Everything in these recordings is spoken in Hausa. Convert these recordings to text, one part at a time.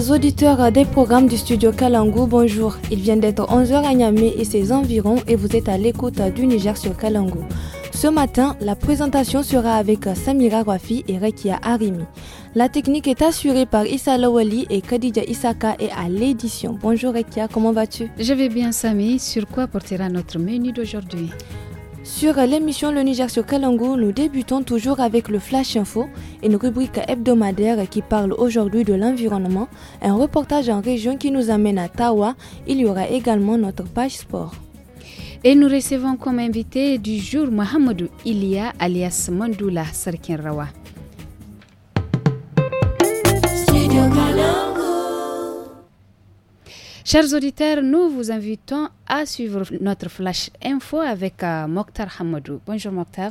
chers auditeurs des programmes du studio kalango bonjour. Il vient d'être 11h à Niamey et ses environs et vous êtes à l'écoute du Niger sur Kalango Ce matin, la présentation sera avec Samira Rafi et Rekia Harimi. La technique est assurée par Issa Lawali et Khadija Isaka et à l'édition. Bonjour Rekia, comment vas-tu Je vais bien Sami, sur quoi portera notre menu d'aujourd'hui sur l'émission Le Niger sur Kalango, nous débutons toujours avec le Flash Info, une rubrique hebdomadaire qui parle aujourd'hui de l'environnement, un reportage en région qui nous amène à Tawa. Il y aura également notre page sport. Et nous recevons comme invité du jour Mohamedou Ilia alias Mandoula Rawa. Chers auditeurs, nous vous invitons à suivre notre flash info avec euh, Mokhtar Hamadou. Bonjour Mokhtar.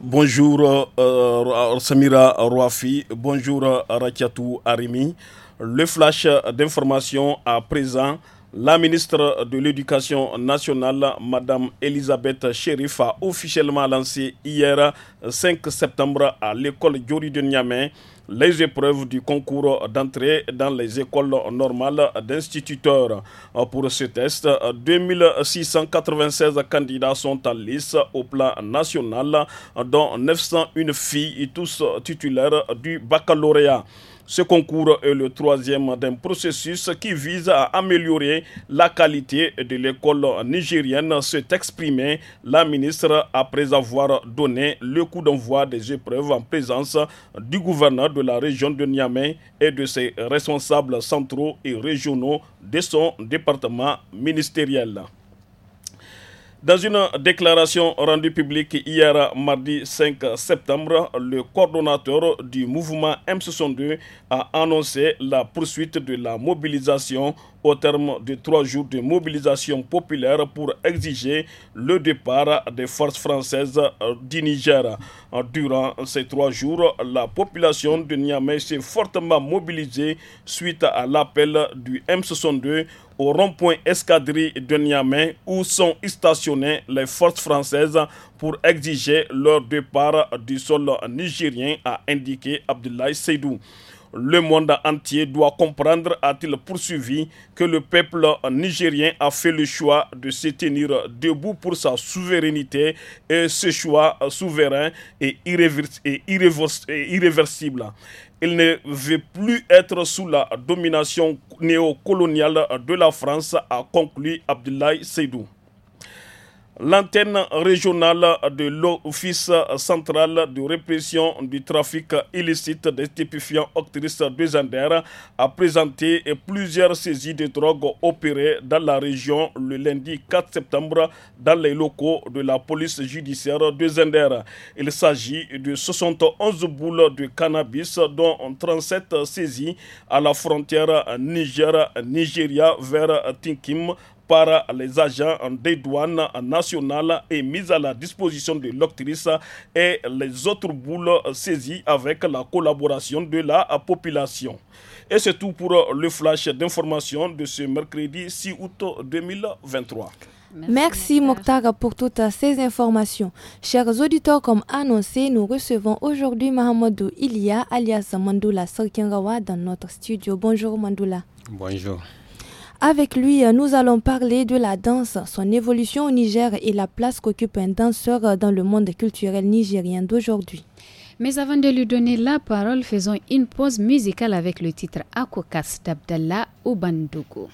Bonjour euh, euh, Samira Rouafi. Bonjour Rakiatou Arimi. Le flash d'information à présent la ministre de l'Éducation nationale, Madame Elisabeth Chérif, a officiellement lancé hier 5 septembre à l'école Diori de Niamey les épreuves du concours d'entrée dans les écoles normales d'instituteurs. Pour ce test, 2696 candidats sont en lice au plan national, dont 901 filles, et tous titulaires du baccalauréat. Ce concours est le troisième d'un processus qui vise à améliorer la qualité de l'école nigérienne, s'est exprimé la ministre après avoir donné le coup d'envoi des épreuves en présence du gouverneur de la région de Niamey et de ses responsables centraux et régionaux de son département ministériel. Dans une déclaration rendue publique hier mardi 5 septembre, le coordonnateur du mouvement M62 a annoncé la poursuite de la mobilisation au terme de trois jours de mobilisation populaire pour exiger le départ des forces françaises euh, du Niger. Durant ces trois jours, la population de Niamey s'est fortement mobilisée suite à l'appel du M62 au rond-point escadrille de Niamey où sont stationnées les forces françaises pour exiger leur départ du sol nigérien, a indiqué Abdoulaye Seydou. Le monde entier doit comprendre, a-t-il poursuivi, que le peuple nigérien a fait le choix de se tenir debout pour sa souveraineté et ce choix souverain est, irréversible. Il ne veut plus être sous la domination néocoloniale de la France, a conclu Abdoulaye Seydou. L'antenne régionale de l'Office central de répression du trafic illicite des stupéfiants Octris de Zender a présenté plusieurs saisies de drogue opérées dans la région le lundi 4 septembre dans les locaux de la police judiciaire de Zender. Il s'agit de 71 boules de cannabis dont 37 saisies à la frontière Niger-Nigeria vers Tinkim par les agents des douanes nationales et mise à la disposition de l'octrice et les autres boules saisies avec la collaboration de la population. Et c'est tout pour le flash d'information de ce mercredi 6 août 2023. Merci, Mokhtar pour toutes ces informations. Chers auditeurs, comme annoncé, nous recevons aujourd'hui Mahamadou Ilia alias Mandoula Sarkingawa dans notre studio. Bonjour Mandoula. Bonjour. Avec lui, nous allons parler de la danse, son évolution au Niger et la place qu'occupe un danseur dans le monde culturel nigérien d'aujourd'hui. Mais avant de lui donner la parole, faisons une pause musicale avec le titre Akokas d'Abdallah ubandugu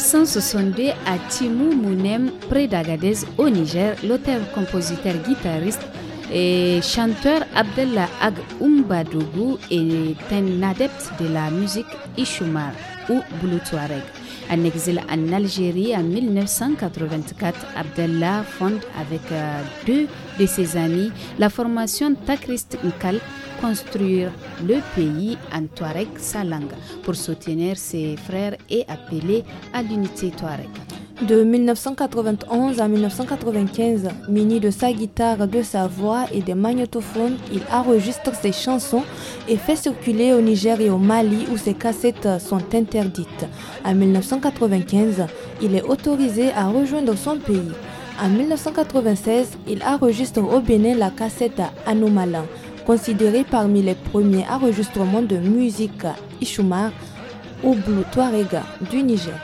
1962, à Timou Mounem, près d'Agadez, au Niger, l'auteur-compositeur-guitariste et chanteur Abdellah Ag Umbadougou est un adepte de la musique Ishumar ou Boulou-Touareg. En exil en Algérie en 1984, Abdellah fonde avec euh, deux de ses amis la formation Takrist Nkal construire le pays en Touareg sa langue pour soutenir ses frères et appeler à l'unité Touareg. De 1991 à 1995, muni de sa guitare, de sa voix et des magnétophones, il enregistre ses chansons et fait circuler au Niger et au Mali où ses cassettes sont interdites. En 1995, il est autorisé à rejoindre son pays. En 1996, il enregistre au Bénin la cassette Anomala » considéré parmi les premiers enregistrements de musique Ishumar au Blue Touarega du Niger.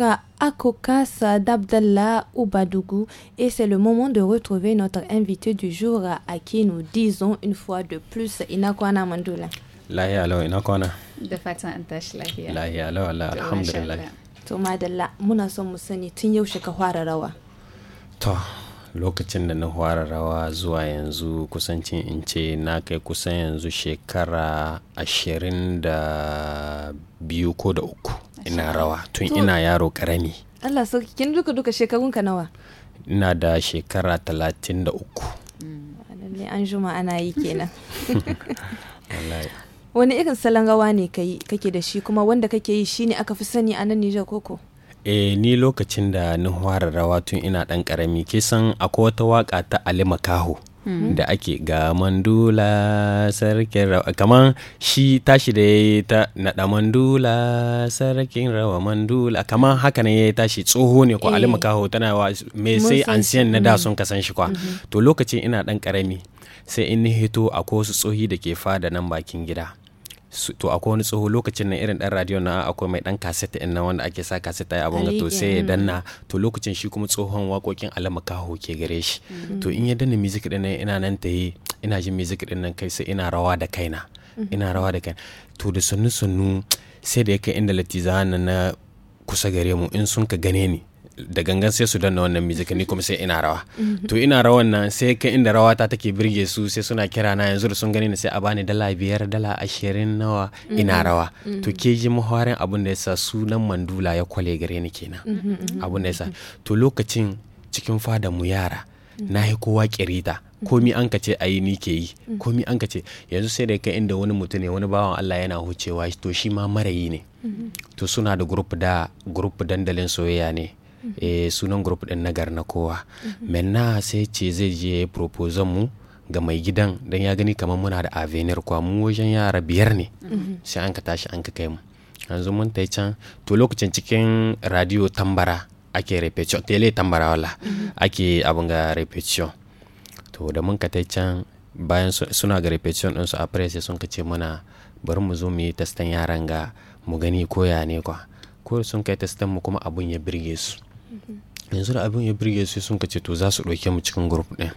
titre Akokas d'Abdallah Oubadougou et c'est le moment de retrouver notre invité du jour euh, à qui nous disons une fois de plus Inakwana Mandoula. Lahiya lau inakwana. Da fatan an la ya Lahiya lau Allah alhamdulillah. To madalla muna son mu sani tun yaushe ka rawa. To lokacin da na fara rawa zuwa yanzu kusancin in ce na kai kusan yanzu shekara ashirin da biyu ko da uku. ina rawa tun ina yaro karami Allah sauki kin duka duka shekarun ka nawa ina da shekara talatin da uku mm, an juma ana yi kenan wani irin salon rawa ne kake da shi kuma wanda kake yi shine aka fi sani a nan Nijar koko e ni lokacin da ni fara rawa tun ina dan karami ke san akwai wata waka ta Ali Makaho Hmm. da ake ga mandula sarkin rawa kamar shi tashi da ya yi ta naɗa mandula sarkin rawa mandula kamar haka ne ya yi tashi tsoho ne ko eh. alimu kaho tana wa mai sai an siyan na da hmm. sun kasan shi kwa mm-hmm. to lokacin ina ɗan ƙarami sai in hito a wasu tsohi da ke fada nan bakin gida to akwai wani tsoho lokacin nan irin dan radio na akwai mai dan kaseta in nan wanda ake sa kaseta ya abun to sai ya danna mm. to lokacin shi kuma tsohon wakokin alama kaho ke gare shi mm. to in ya danna music din nan ina nan ta ina jin music din nan kai sai ina rawa da kaina mm-hmm. ina rawa da kaina to da sunu sai da ya kai inda latiza na kusa gare mu in sun ka gane ni da gangan sai su danna wannan music ni kuma sai ina rawa to ina rawan nan sai kai inda rawa ta take birge su sai suna kira na yanzu da sun gani ni sai a bani dala biyar dala ashirin nawa ina mm-hmm. rawa to mm-hmm. ke ji muhawarin abin da yasa sunan mandula ya kwale gare ni kenan mm-hmm, abin da yasa to lokacin cikin fada mu yara na yi kowa kirita komi an ka ayi ni ke yi komi an ka yanzu sai da kai inda wani mutum ne wani bawan Allah yana hucewa to shi ma marayi ne to suna da group da grup dandalin soyayya ne eh sunan group din na garna kowa n'a sai ce zai je proposal mu ga mai gidan dan ya gani kamar muna da avenir kwa mu wajen yara biyar ne sai an ka tashi an ka kai mu yanzu mun ta can to lokacin cikin radio tambara ake repetition tele tambara wala ake abin ga repetition to da mun ka ta can bayan suna ga repetition su a press sun ka ce mana bari mu zo mu yi testan yaran ga mu gani koya ne kwa ko sun kai testan mu kuma abun ya birge su yanzu da abin ya birge sai sun kace to za su ɗauke mu cikin group ɗin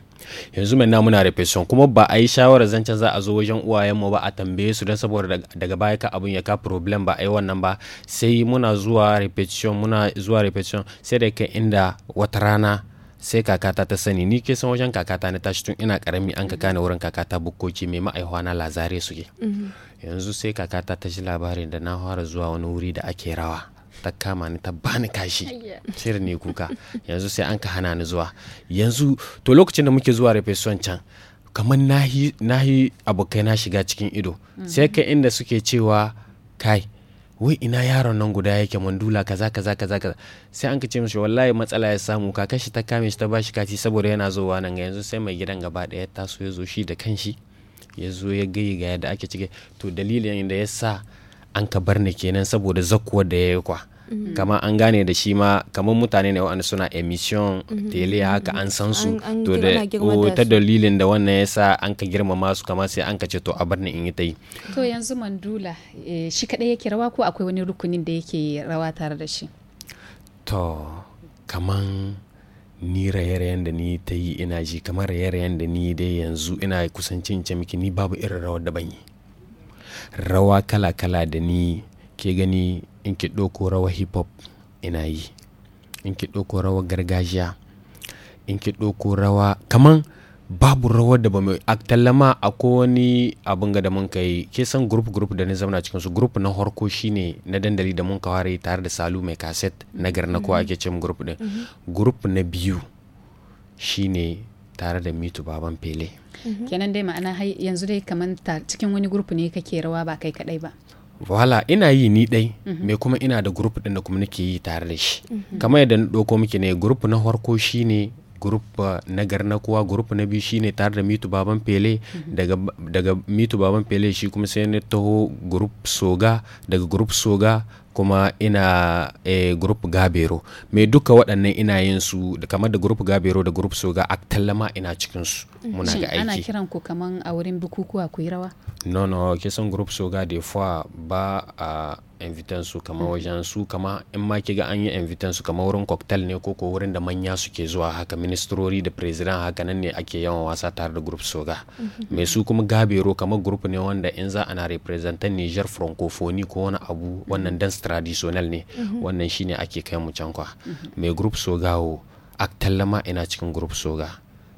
yanzu mai muna repression kuma ba a yi shawarar zancen za a zo wajen uwayen mu ba a tambaye su don saboda daga baya ka abun ya ka problem ba a yi wannan ba sai muna zuwa repetition muna zuwa repetition sai da kai inda wata rana sai kakata ta sani ni ke san wajen kakata na tashi tun ina karami an ka na wurin kakata bukkoki mai ma'aihuwa na lazare suke mm-hmm. yanzu sai kakata ta ji labarin da na fara zuwa wani wuri da ake rawa ta kama ni ta bani kashi sai ne kuka yanzu sai an ka hana ni zuwa yanzu to lokacin da muke zuwa refesuwan can kamar nahi abokai na shiga cikin ido mm. sai ka inda suke cewa kai wai ina yaron nan guda yake mandula kaza kaza kaza kaza sai an kace mishi wallahi matsala ya samu ka shi ta kame shi ta bashi kati saboda yana wa nan yanzu sai mai gidan gaba daya ta so ya zo shi da kanshi ya zo ya gayi ga yadda ake cike to dalilin da ya sa an ka bar ni kenan saboda zakuwar da ya yi kwa Mm-hmm. kamar an gane da shi ma kamar mutane ne waɗanda suna emission mm-hmm. tele haka an san su to da ta dalilin da wannan ya sa an ka girmama su kamar sai an ka ce to a barni in yi ta yi to yanzu mandula eh, shi kadai yake rawa ko akwai wani rukunin da yake rawa tare da shi to kamar ni raye-rayen da ni ta yi ina ji kamar raye-rayen da ni dai yanzu ina kusancin ce miki ni babu irin rawar da ban yi rawa kala-kala da ni ke gani in ki ɗauko rawa hip hop ina yi in ki ɗauko rawa gargajiya in ki ɗauko rawa kaman babu rawar da ba mai aktallama a wani abin ga da mun kai ke san group group da na zamana cikin su group na harko shine na dandali da mun ka yi tare da salu mai kaset na garnako mm-hmm. ake cin group din mm-hmm. group na biyu shine tare da mitu baban fele mm-hmm. kenan dai ma'ana yanzu dai kamar cikin wani group ne kake rawa ba kai kadai ba wala ina yi ni dai mhm. me kuma ina da group din da kuma nake yi tare da shi mhm. kamar yadda na ɗauko miki ne group na farko shine group eh, na na kowa group na biyu shine tare da mitu baban pele mhm. daga daga mitu baban pele shi kuma sai na taho group soga daga group soga kuma ina e, group gabero me duka waɗannan ina yin su kamar da group gabero da group soga a tallama ina cikin su mm. muna ga aiki ana kiran ku kaman a wurin bukukuwa ku yi rawa no no kisan group soga da fa ba a invitansu su kama mm. wajen su kama in ma ga an yi invitan su kama wurin cocktail ne ko ko wurin da manya suke zuwa haka ministrori da president haka nan ne ake yawan wasa tare da group soga mai mm-hmm. su kuma gabero kama group ne wanda in za ana representan Niger francophonie ko wani abu mm-hmm. wannan dance traditional ne mm-hmm. wannan shine ake kai mu can kwa mai group sogawo aktallama ina cikin group soga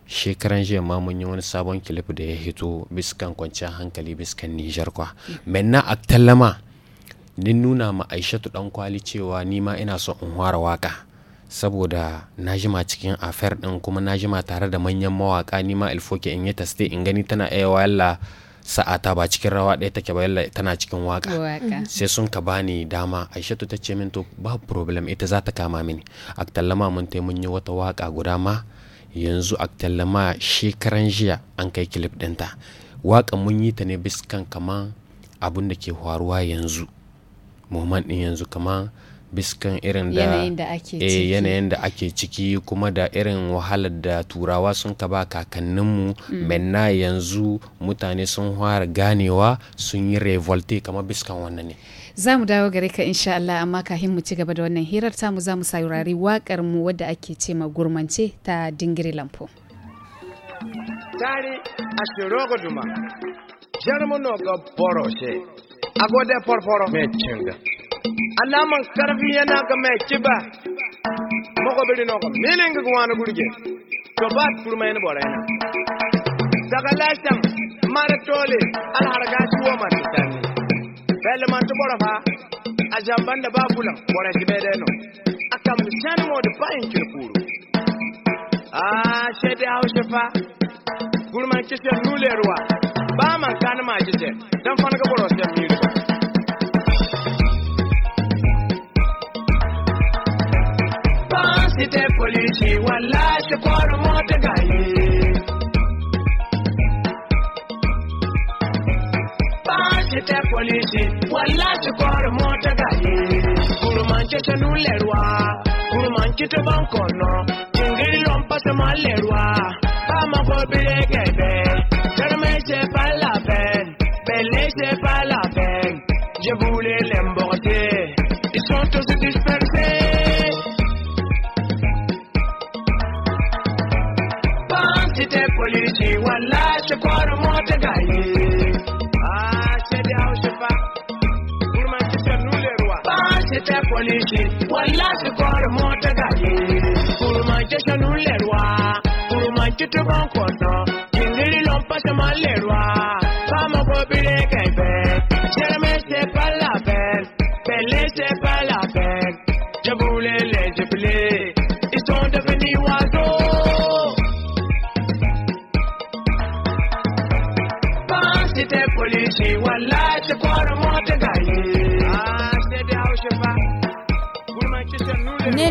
shekaran jiya ma mun yi wani sabon kilif da ya hito biskan kwanciyar hankali biskan Niger kwa menna aktallama nin nuna ma aishatu dan kwali cewa ni ma ina so in fara waka saboda na jima cikin affair din kuma na jima tare da manyan mawaka ni ma ilfoke in yi stay in gani tana iya eh, sa'a sa'ata ba cikin rawa ɗaya take ba yalla tana cikin waka mhm. sai sun ka bani dama aishatu ta ce min to ba problem ita za ta kama mini aktallama mun tai mun yi wata waka guda ma yanzu aktallama shekaran jiya an kai kilif ɗinta waka mun yi ta ne biskan kaman abun da ke faruwa yanzu moment din yanzu kama biskan irin da eh, yanayin da ake ciki kuma da irin wahalar da turawa sun ka ba kakanninmu menna mm. yanzu mutane sun fara ganewa sun yi revolte kama biskan wannan ne za mu dawo gare ka insha Allah amma kafin mu ci gaba da wannan hirar ta mu za mu saurari wakar mu wadda ake ce ma gurmance ta dingiri lampo tari a shirogo duma jarmu no ga boroshe a gode porporo me cinga anaman karfi yana ga me kiba moko biri noko minin ga gwana gurje to ba kurma yana bora yana daga lashan mara tole al harga ci wo man tani bele man to bora fa a jamban da babulan bora ci be deno akam shan mo de bayin kirkuru ah shede hausa fa gurman kishiyar nulerwa ba man kanin ma kishiyar don fana ga boros ya fi site polisi wallahi kwaro mota gaye ba site polisi wallahi kwaro mota gaye kurmanche chanu lerwa kurmanche to bankono jingiri lompa samalerwa ba ma go bire gebe ta gaye a ce da haushi fa kurma ci ta nule ruwa ba shi ta kwalishi walla su kwara mota gaye kurma ci ta nule ruwa kurma ci ta ban kwato jingiri lomfa ta malle ruwa ba ma gobe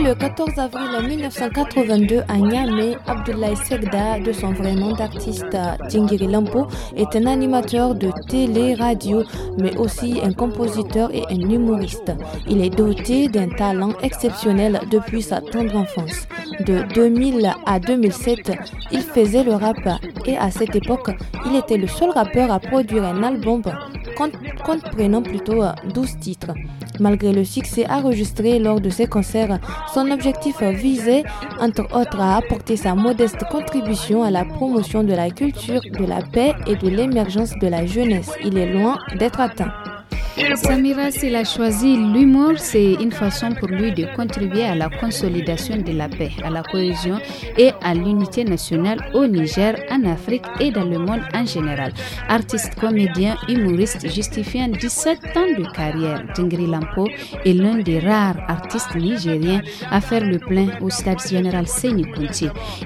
le 14 avril 1982 à Niamey, Abdoulaye Segda, de son vrai nom d'artiste Djingiri Lampo, est un animateur de télé-radio, mais aussi un compositeur et un humoriste. Il est doté d'un talent exceptionnel depuis sa tendre enfance. De 2000 à 2007, il faisait le rap et à cette époque, il était le seul rappeur à produire un album comprenant plutôt 12 titres. Malgré le succès enregistré lors de ses concerts, son objectif visait, entre autres, à apporter sa modeste contribution à la promotion de la culture, de la paix et de l'émergence de la jeunesse. Il est loin d'être atteint. Samira, s'il a choisi l'humour, c'est une façon pour lui de contribuer à la consolidation de la paix, à la cohésion et à l'unité nationale au Niger, en Afrique et dans le monde en général. Artiste, comédien, humoriste, justifiant 17 ans de carrière, Dingri Lampo est l'un des rares artistes nigériens à faire le plein au stade général Seni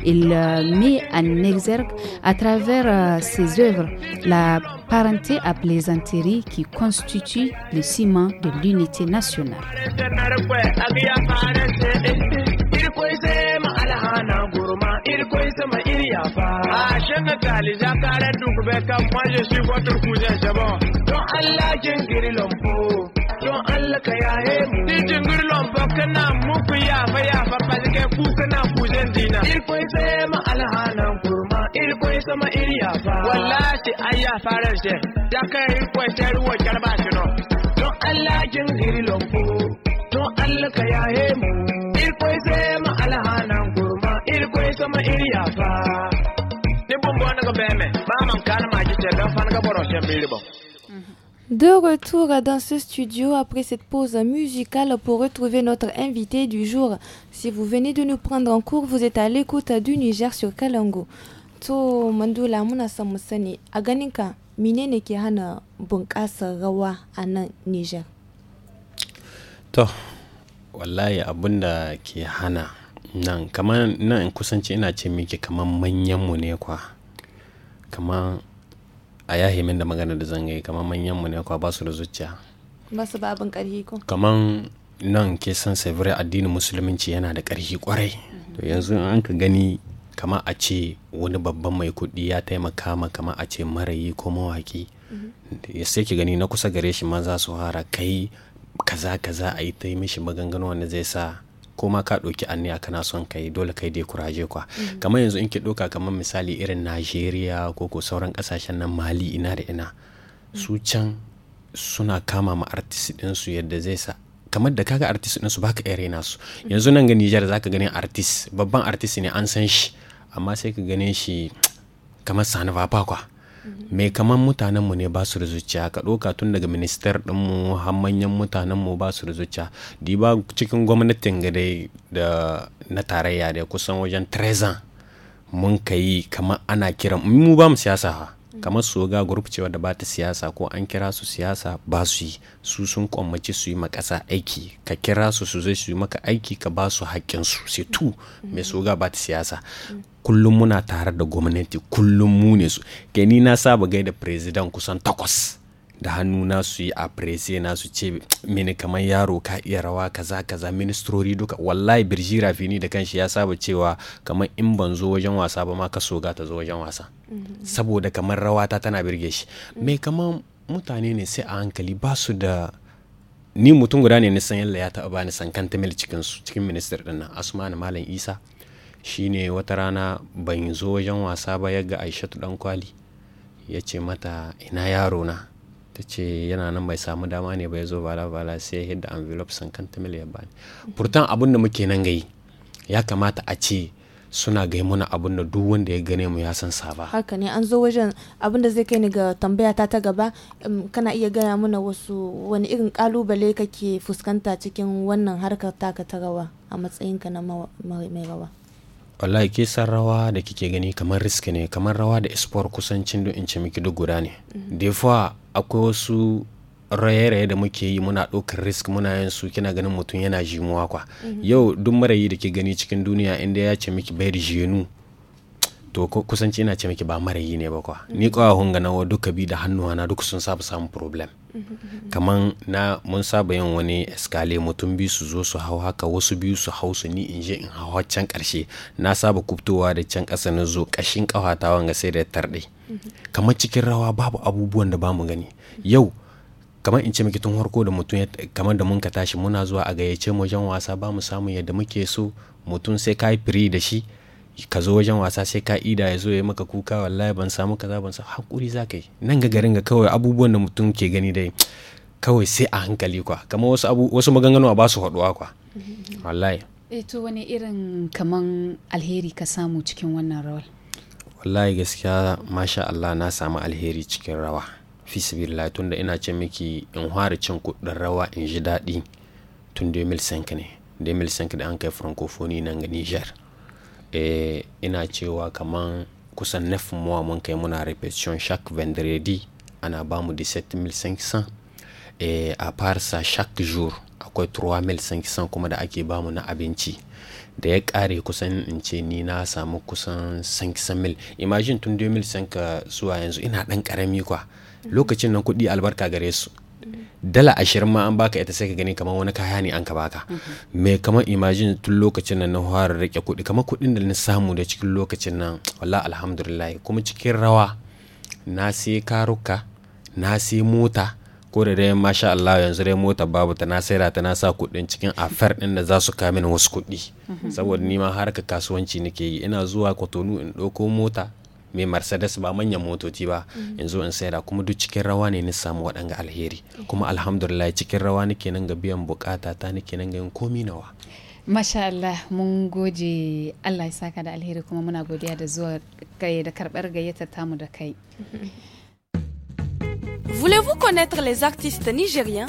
Il euh, met en exergue à travers euh, ses œuvres la parenté à plaisanterie qui constitue le ciment de l'unité nationale. De retour dans ce studio après cette pause musicale pour retrouver notre invité du jour. Si vous venez de nous prendre en cours, vous êtes à l'écoute du Niger sur Kalango. To Mandula muna son mu sani a ganinka menene ke hana bunƙasar rawa a nan Nijar? To, wallahi abun da ke hana nan kamar nan kusanci ina ce miki kamar manyanmu ne kwa kamar a ya da magana da zan yi kamar manyanmu ne kwa ba su da zuciya ba su ba abin ƙarfi ko kamar nan ke san sevira addinin musulunci yana da ƙarfi kwarai to yanzu an ka gani kama a ce wani babban mai kuɗi ya taimaka ma kama a ce marayi ko mawaki ya mhm. sai ki gani na kusa gare shi ma za su hara kai kaza kaza a yi ta yi mishi maganganu wanda zai sa ko ma ka ɗauki anniya kana son kai dole kai dai kuraje kwa mhm. kamar yanzu in ki ɗauka kamar misali irin najeriya ko ko sauran ƙasashen nan mali ina da ina mhm. su can suna kama ma artist su yadda zai sa kamar da kaga artist su baka iya su yanzu nan ga Nijar zaka ganin artist babban artist ne an san shi amma sai ka gane shi kamar sani ba kwa mai kamar mutanenmu ne ba su da zuciya ka ɗauka tun daga ministar ɗinmu har manyan mutanenmu ba su da zuciya di ba cikin gwamnatin gada da na tarayya da kusan wajen trezan mun ka yi kamar ana kiran mu ba mu siyasa ha kamar su ga grup cewa da ba ta siyasa ko an kira su siyasa ba su yi su sun kwammaci su yi ma ƙasa aiki ka kira su su zai su yi maka aiki ka ba su haƙƙin su sai tu mai su ga ba ta siyasa kullum muna tare da gwamnati kullum mu ne su gani na saba gaida president kusan takwas da hannu na su yi a na su ce mini kamar yaro ka iya rawa kaza kaza ministrori duka wallahi birji rafini da kanshi ya saba cewa kamar in ban zo wajen wasa ba ma ka ga ta zo wajen wasa mm-hmm. saboda kamar rawa ta tana birge shi mai mm-hmm. kamar mutane ne sai a hankali ba su da ni mutum guda ne nisan yalla ya taɓa bani kanta mil cikin cikin minister din nan asmanu malam isa shine wata rana ban zo wajen wasa ba yaga aishatu dan kwali ya ce mata ina yaro na ta ce yana nan bai samu dama ne bai zo bala bala sai ya hidda envelope sankanta miliyan bani furtan abin da muke nan gai ya kamata a ce suna gai muna abin da duk wanda ya gane mu ya san saba haka ne an zo wajen abin da zai kai ni ga tambaya ta ta gaba um, kana iya gaya mana wasu wani irin kalubale kake fuskanta cikin wannan harkar taka ta rawa a matsayinka na mai rawa wallahi kisan rawa da kike gani kamar risk ne kamar rawa da espoir kusancin don in miki duk guda ne mhm. defa akwai wasu raye-raye da muke yi muna ɗaukar risk muna yin su kina ganin mutum yana jimuwa kwa mhm. yau duk marayi da ke gani cikin duniya inda ya ce miki bai jenu to kusanci ina ce miki ba marayi ne ba kwa ni mhm. hunga ganawa duka bi da hannuwa na duk sun saba samun problem kaman na mun saba yin wani eskale mutum biyu su zo su hau haka wasu biyu su hau su ni in je in hau can karshe na saba kubtowa da can ƙasa na zo ƙashin ƙawata wanga sai da tarɗe kamar cikin rawa babu abubuwan da bamu gani yau kamar in ce miki tun harko da mutum kamar da mun ka tashi muna zuwa a gayyace mu jan wasa ba mu samu yadda muke so mutum sai ka yi da shi ka zo wajen wasa sai ka ida ya zo ya maka kuka wallahi ban samu kaza ban samu hakuri za ka yi nan ga garin ga kawai abubuwan da mutum ke gani dai kawai sai a hankali kwa kama wasu abu wasu maganganu a basu su haɗuwa kwa wallahi eh to wani irin kaman alheri ka samu cikin wannan rawar wallahi gaskiya masha Allah na samu alheri cikin rawa fi sabilillah tunda ina ce miki in fara cin kuɗin rawa in ji daɗi tun 2005 ne 2005 da an kai francophonie nan ga Niger Eh ina cewa kaman kusan neuf mois mun kai muna repetition chaque vendredi ana bamu 17500. Eh a farsa ça chaque jour akwai 3500 kuma da ake mu na abinci. Da ya kare kusan in ce ni na samu kusan mil Imagine tun 2005 eh, zuwa yanzu ina ɗan karami kwa Lokacin nan kuɗi albarka gare su. dala ashirin ma an baka ita sai ka gani kamar wani kaya ne an ka baka me kamar imajin tun lokacin nan na fara rike kuɗi kamar kuɗin da na samu da cikin lokacin nan wallahi alhamdulillah kuma cikin rawa na sai karuka na sai mota ko da dai masha Allah yanzu dai mota babu ta na saida ta na sa kuɗin cikin affair ɗin da za su kamin wasu kuɗi saboda ni ma harka kasuwanci nake yi ina zuwa kotonu in ɗauko mota mai mercedes ba manyan motoci ba in mm. zo in saida kuma duk cikin rawa ne na samu waɗanga alheri kuma alhamdulillah cikin rawa nake nan ga biyan bukata ta nake nan ga yin komi nawa Masha Allah mun goje Allah ya saka da alheri kuma muna godiya da zuwa da karɓar gayyatar tamu da kai. Voulez-vous connaître les artistes nigériens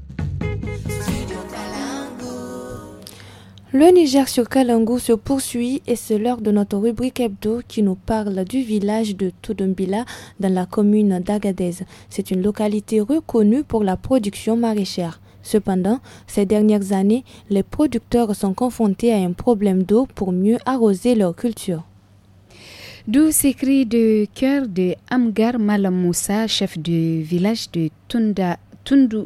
Le Niger sur Kalango se poursuit et c'est l'heure de notre rubrique hebdo qui nous parle du village de Tudumbila dans la commune d'Agadez. C'est une localité reconnue pour la production maraîchère. Cependant, ces dernières années, les producteurs sont confrontés à un problème d'eau pour mieux arroser leur culture. D'où s'écrit de cœur de Amgar Malamoussa, chef du village de Tunda, Tundu,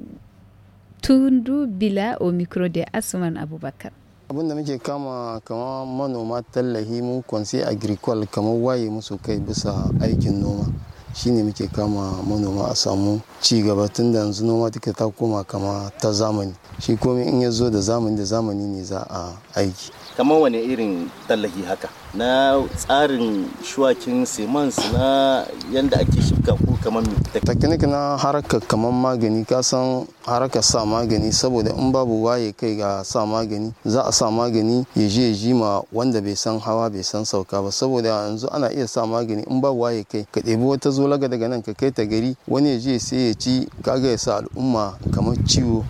au micro de Asuman Aboubakar. abinda muke kama kama manoma tallahi mun kwanse agricole kamar waye musu kai bisa aikin noma shine muke kama manoma a samu ci gaba tun da yanzu noma take ta koma kama ta zamani shi komai in ya zo da zamani da zamani ne za a aiki kamar wani irin tallahi haka na tsarin shuwakin simans na yadda ake shifka ko kamar mai teknik na harkar kamar magani kasan harkar sa magani saboda in babu waye kai ga sa magani za a sa magani ya je ji ma wanda bai san hawa bai san sauka ba saboda yanzu ana iya sa magani in babu waye kai ka ɗebi wata zolaga daga nan ka kai ta gari wani ya je sai ya ci kaga ya sa al'umma kamar ciwo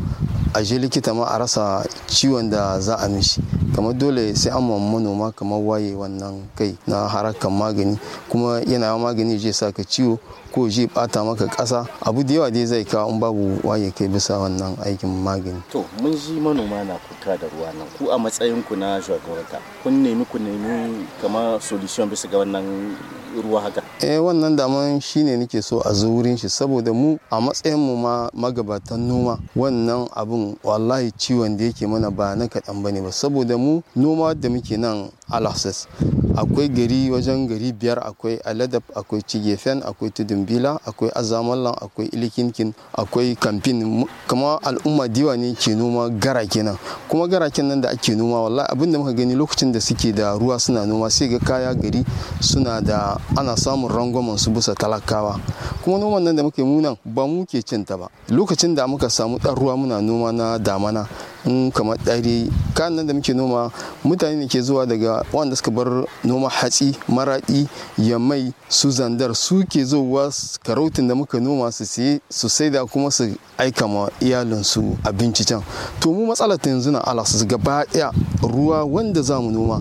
a je likita ma a rasa ciwon da za a mishi kamar dole sai an manoma kamar waye wannan wannan kai na harakan magani kuma yana magani zai sa ka ciwo ko shi bata maka ƙasa abu da yawa dai zai kawo in babu waye kai bisa wannan aikin magani to mun ji manoma na kuka da ruwa nan ku a matsayin ku na shugabanta kun nemi ku nemi kamar solution bisa ga wannan ruwa haka eh wannan daman shine nake so a zo wurin shi saboda mu a matsayin mu ma magabatan noma wannan abun wallahi ciwon da yake mana ba na kaɗan bane ba saboda mu noma da muke nan alhasas akwai gari wajen gari biyar akwai aladab akwai cigefen akwai tudumbila akwai azamallan akwai ilikinkin akwai kamfin kama al'umma diwa ne ke noma gara kenan kuma gara kenan da ake noma wallahi abinda muka gani lokacin da suke da ruwa suna noma sai ga kaya gari suna da ana samun rangwamen su bisa talakawa kuma noman nan da muke munan ba mu ke cinta ba lokacin da muka samu ɗan ruwa muna noma na damana in kamar ɗari kayan da muke noma mutane ne ke zuwa daga wanda suka bar noma hatsi maraɗi yamai su zandar su ke zowa karautin da muka noma su sai su saida kuma su aika ma iyalinsu abinci can to mu matsalar ta yanzu na alas gaba ɗaya ruwa wanda za mu noma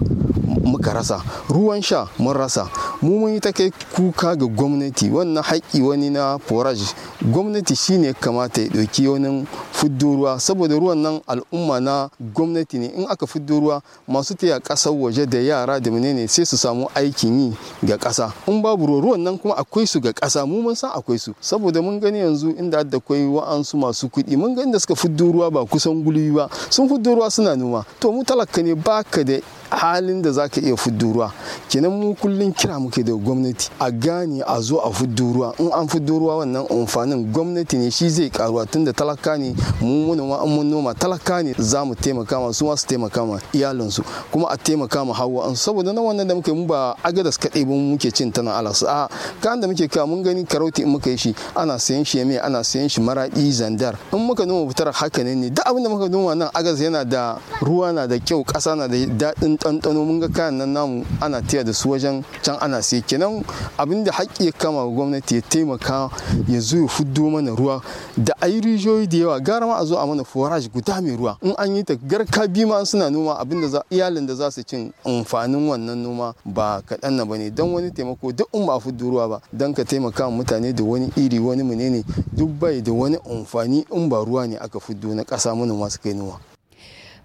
muka rasa ruwan sha mun rasa mu mun yi ta kai kuka ga gwamnati wannan haƙƙi wani na forage gwamnati shine kamata ya ɗauki wani fuddo ruwa saboda ruwan nan al'umma na gwamnati ne in aka fuddo ruwa masu taya ƙasar waje da yara da menene sai su samu aikin yi ga ƙasa in babu ruwan nan kuma akwai su ga ƙasa mu mun san akwai su saboda mun gani yanzu inda da akwai wa'ansu masu kuɗi mun ga inda suka fuddo ruwa ba kusan gulbi ba sun fuddo ruwa suna noma to mu talaka ne baka da halin da zaka iya fuddu ruwa kenan mu kullum kira muke da gwamnati a gane a zo a fuddu ruwa in an fuddu ruwa wannan amfanin gwamnati ne shi zai karuwa da talaka ne mu manoma an mun noma talaka ne za mu taimaka ma su ma su taimaka ma iyalansu kuma a taimaka ma hawa an saboda na wannan da muke mu ba agadas kaɗai ba muke cin tana alasu a kan da muke ka mun gani karauti in muka yi shi ana sayan shi mai ana sayan shi maraɗi zandar in muka noma fitar haka ne ne duk abin da muka noma nan agadas yana da ruwa na da kyau ƙasa na da daɗin ɗanɗano mun ga kayan nan namu ana taya da su wajen can ana sai kenan abin da haƙƙi ya kama gwamnati ya taimaka ya zo ya fuddo mana ruwa da ayi rijiyoyi da yawa gara ma a zo a mana forage guda mai ruwa in an yi ta garka biyu ma suna noma abin da iyalin da za su cin amfanin wannan noma ba kaɗan na bane don wani taimako duk in ba a fuddo ruwa ba don ka taimaka mutane da wani iri wani menene duk bai da wani amfani in ba ruwa ne aka fuddo na ƙasa manoma suka yi noma.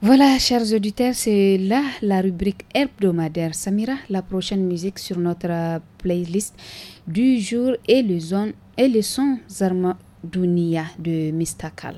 Voilà, chers auditeurs, c'est là la rubrique hebdomadaire. Samira, la prochaine musique sur notre euh, playlist du jour est le, et le son Zarma Dunia de Mistakal.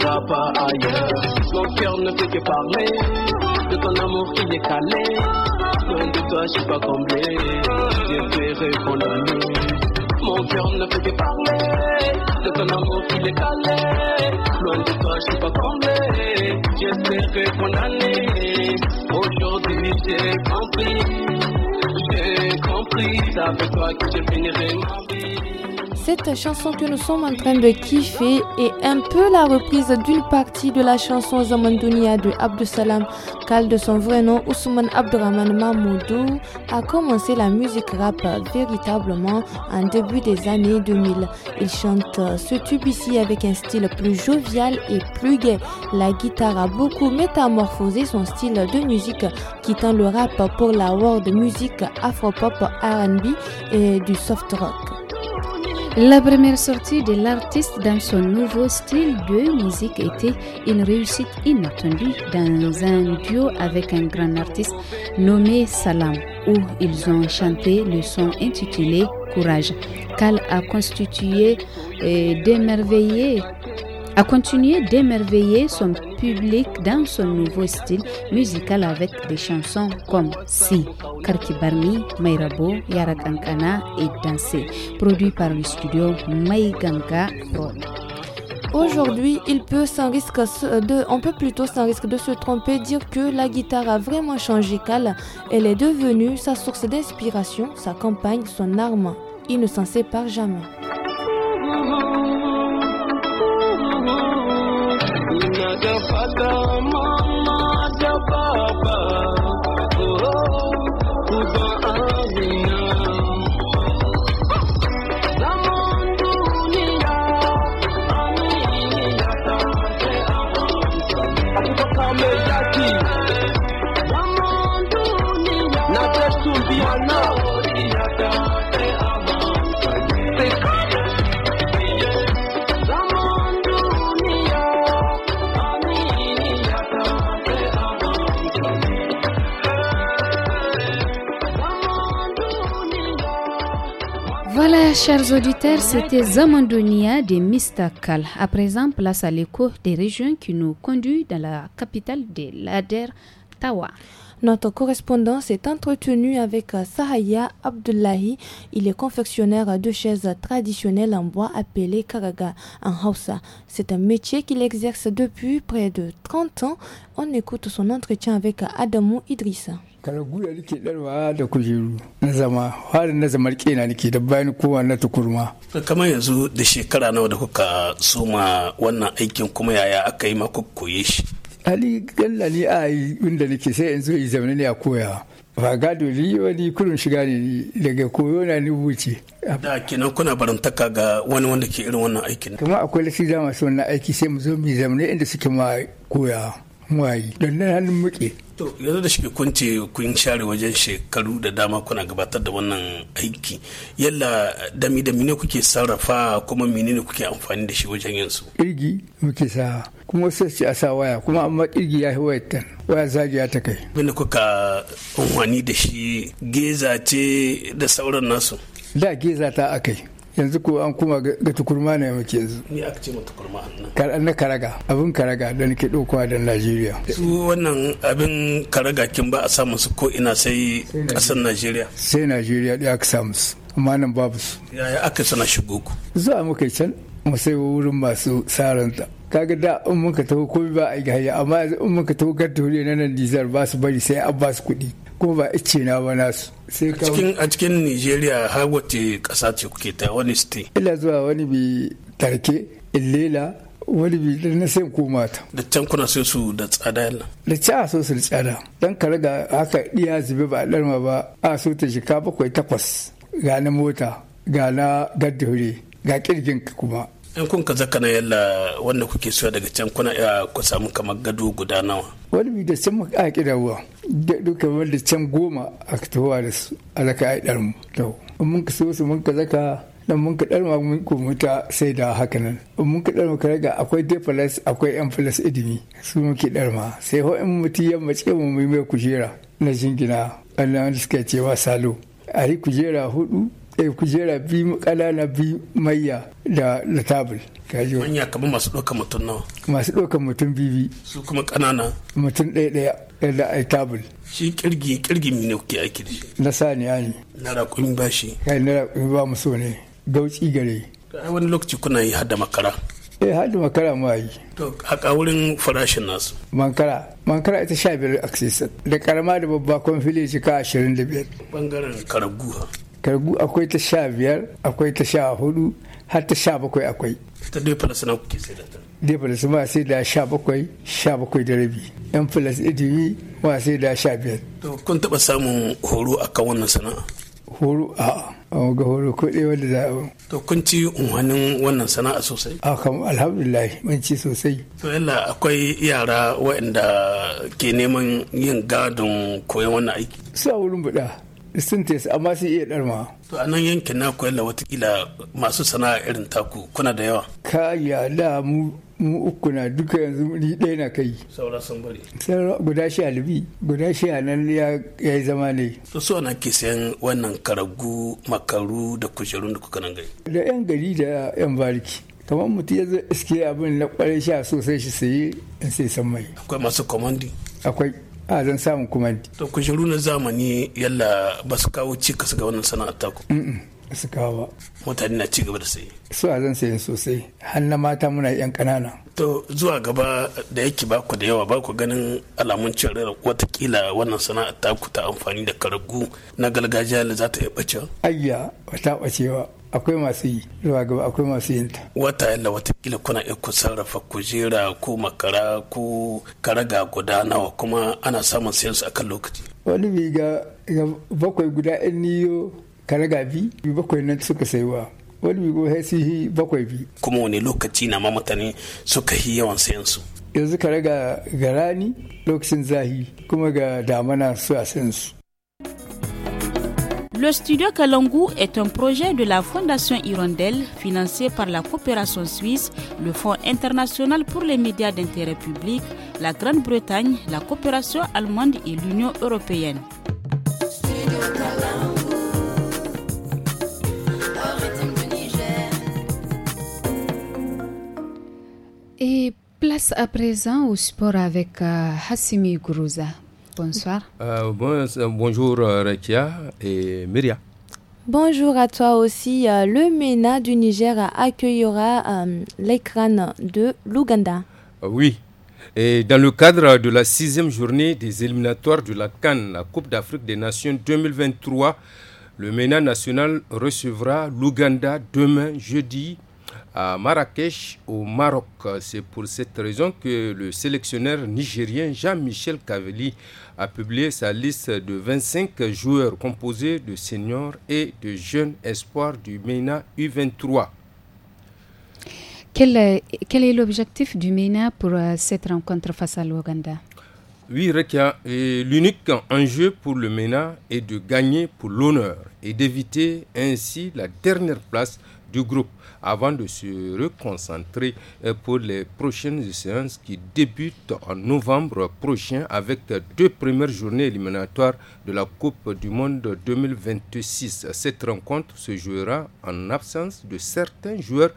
Papa ailleurs. Mon cœur ne fait que parler de ton amour qui est calé. Loin de toi, je suis pas comblé. J'espère pour qu'on Mon cœur ne fait que parler de ton amour qui est calé. Loin de toi, je suis pas comblé. J'espérais qu'on l'année. Aujourd'hui, j'ai compris. J'ai compris, c'est avec toi que j'ai finirai ma vie. Cette chanson que nous sommes en train de kiffer est un peu la reprise d'une partie de la chanson Zamandunia de Abdusalam, kal de son vrai nom Ousmane Abdurrahman Mahmoudou a commencé la musique rap véritablement en début des années 2000. Il chante ce tube ici avec un style plus jovial et plus gai. La guitare a beaucoup métamorphosé son style de musique, quittant le rap pour la world music afro-pop, R&B et du soft rock. La première sortie de l'artiste dans son nouveau style de musique était une réussite inattendue dans un duo avec un grand artiste nommé Salam, où ils ont chanté le son intitulé Courage. Cal a constitué et euh, d'émerveillés a continué d'émerveiller son public dans son nouveau style musical avec des chansons comme Si, Karki Barmi, Mayrabo, Yarakankana et Danse, produit par le studio Ganga Pro. Aujourd'hui, euh, on peut plutôt sans risque de se tromper dire que la guitare a vraiment changé Cal. Elle est devenue sa source d'inspiration, sa campagne, son arme. Il ne s'en sépare jamais. Ina da mama da baba oh, Uba Amina Zaman duniya Amina ta ce amanta Abubakar mai Zaman duniya Na ta chers auditeurs, c'était Zamandonia de Mistakal. À présent, place à l'écho des régions qui nous conduit dans la capitale de l'Ader, Tawa. Notre correspondant est entretenue avec euh, Sahaya Abdullahi. Il est confectionnaire de chaises traditionnelles en bois appelées karaga en Hausa. C'est un métier qu'il exerce depuis près de 30 ans. On écoute son entretien avec Adamou Idrissa. karagu da nake darwa da kujeru na zama fara na zamar kena nake da bayan kowa na tukurma kamar yanzu da shekara nawa da kuka soma wannan aikin kuma yaya aka yi maka koye shi ali galla ne a yi inda nake sai yanzu yi zama ne a koya ba gado ni wani kurin shiga ne daga koyo na ni wuce da kenan kuna barantaka ga wani wanda ke irin wannan aikin kuma akwai zama masu wannan aiki sai mu zo mu zaune inda suke ma koya wayi don nan hannun muke to yanzu da shi kun ce kun share wajen shekaru da dama kuna gabatar da wannan aiki yalla dami dami ne kuke sarrafa kuma menene kuke amfani da shi wajen yanzu irgi muke sa kuma sai ce a waya kuma amma irgi ya yi wayar tan waya zagiya ta kai abinda kuka amfani da shi geza ce da sauran nasu da geza ta akai yanzu ko an kuma ga tukurma ne muke yanzu Ni aka ce tukurma kar na karaga abin karaga da nake dokowa da Najeriya su wannan abin karaga kin ba a samu su ko ina sai kasar Najeriya sai Najeriya da aka samu su amma nan babu su yaya aka sana shigo ku a muka can mu sai wurin masu saranta kaga da in muka taho ko ba a yi amma in muka taho garta na nan dizar ba su bari sai an ba su kuɗi Kuma ba ice na ba nasu a cikin Nigeria har wace ƙasa ce kuke ta wani state ila zuwa wani bi tarke illela wani bi na sai koma ta da can kuna sai su da tsada yalla da ci a so su da tsada dan ka raga haka iya zube ba a darma ba a so ta shika bakwai takwas ga na mota ga na gaddure ga kirgin kuma in kun ka zaka na yalla wanda kuke so daga can kuna ku samu kamar gado guda nawa wani bi da can mu a kidawa duka wanda can goma a tahowa da su alaka ai dar mu to mun ka su mun ka zaka dan mun ka dar mun ku muta sai da haka nan mun ka dar mu ka raga akwai plus akwai yan falas idimi su mun ki dar sai ho in mutum yamma mace mu mai kujera na jingina Allah wanda suka ce wa salo a yi kujera hudu kujera biyu kanana bi mayya da latabul manya kamar masu ɗaukar mutum nawa masu ɗaukar mutum bibi su kuma kanana mutum ɗaya ɗaya da aitabul shi kirgi kirgi ne kuke aiki da shi na saniya ne na raƙumi ba shi kai na raƙumi ba mu so ne gauci gare kai wani lokaci kuna yi hada makara eh hada makara ma yi to haka wurin farashin nasu mankara mankara ita sha biyar access da karama da babba kwan fili shi ka ashirin da biyar bangaren karaguwa. kargu akwai ta sha biyar akwai ta sha hudu har ta sha bakwai akwai ta dai na kuke sai da ta dai falasina ma sai da sha bakwai sha bakwai da rabi yan falas idimi ma sai da sha biyar to kun taba samun horo akan wannan sana'a horo a ga horo ko ɗaya wanda za a to kun ci unhanin wannan sana'a sosai a kam alhamdulillah mun ci sosai to yalla akwai yara waɗanda ke neman yin gadon koyon wannan aiki su a wurin buɗa sun tesa amma sun iya darma. to a nan yankin na koyar watakila masu sana'a irin taku kuna da yawa ka ya mu mu uku na duka yanzu ni ɗaya na kai saura sun bari saura guda shi alibi guda shi nan ya yi zama ne to so na ke sayan wannan karagu makaru da kujerun da kuka nan gari da yan gari da yan bariki kamar mutum ya zo iske abin na kwarai sha sosai shi sai in sai san mai akwai masu komandi akwai a ah, zan samu kuma to kujeru na zamani yalla ba su kawo cikas ga wannan sana'ar taku su kawo ba. mutane na ci gaba da sayi su a zan sayi sosai har na mata muna yan kanana to zuwa gaba da yake ba ku da yawa ba ku ganin alamun cin rera watakila wannan sana'a ta ku ta amfani da karagu na gargajiya da za ta yi bacewa ayya wata bacewa akwai masu yi zuwa gaba akwai masu yin ta. Wata yalla watakila kuna iya ku sarrafa kujera ko makara ko karaga guda nawa kuma ana samun sayan su akan lokaci. Wani bi ga bakwai guda ɗan niyo karaga bi bi bakwai nan suka saiwa. Wani bi ko yi bakwai bi. Kuma wani lokaci na ma mutane suka yi yawan sayan su. Yanzu karaga ga rani lokacin zahi kuma ga damana su a sayan su. Le studio Kalangu est un projet de la Fondation Hirondelle financé par la coopération suisse, le Fonds international pour les médias d'intérêt public, la Grande-Bretagne, la coopération allemande et l'Union européenne. Et place à présent au sport avec euh, Hassimi Gourouza. Bonsoir. Euh, euh, bonjour euh, Rekia et Myria. Bonjour à toi aussi. Le MENA du Niger accueillera l'écran de l'Ouganda. Oui. Et dans le cadre de la sixième journée des éliminatoires de la Cannes, la Coupe d'Afrique des Nations 2023, le MENA national recevra l'Ouganda demain, jeudi à Marrakech, au Maroc. C'est pour cette raison que le sélectionneur nigérien Jean-Michel Cavelli a publié sa liste de 25 joueurs composés de seniors et de jeunes espoirs du MENA U23. Quel, quel est l'objectif du MENA pour euh, cette rencontre face à l'Ouganda oui, Rekia, l'unique enjeu pour le MENA est de gagner pour l'honneur et d'éviter ainsi la dernière place du groupe avant de se reconcentrer euh, pour les prochaines séances qui débutent en novembre prochain avec deux premières journées éliminatoires de la Coupe du Monde 2026. Cette rencontre se jouera en absence de certains joueurs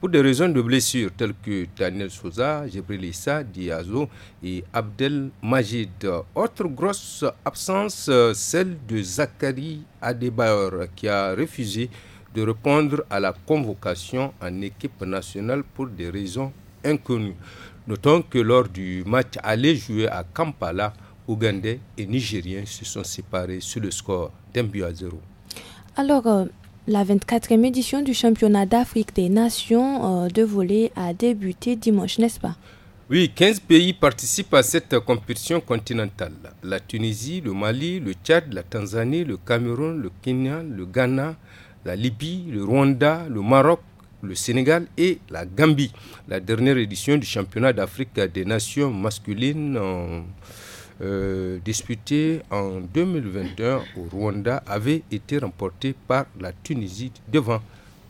pour des raisons de blessure telles que Daniel Souza, Jibril Diazo et Abdel Majid. Autre grosse absence, euh, celle de Zachary Adebayor qui a refusé de répondre à la convocation en équipe nationale pour des raisons inconnues. Notons que lors du match aller joué à Kampala, Ougandais et Nigériens se sont séparés sur le score d'un but à zéro. Alors, euh, la 24e édition du championnat d'Afrique des nations euh, de volley a débuté dimanche, n'est-ce pas Oui, 15 pays participent à cette compétition continentale. La Tunisie, le Mali, le Tchad, la Tanzanie, le Cameroun, le Kenya, le Ghana, la Libye, le Rwanda, le Maroc, le Sénégal et la Gambie. La dernière édition du championnat d'Afrique des nations masculines euh, euh, disputée en 2021 au Rwanda avait été remportée par la Tunisie devant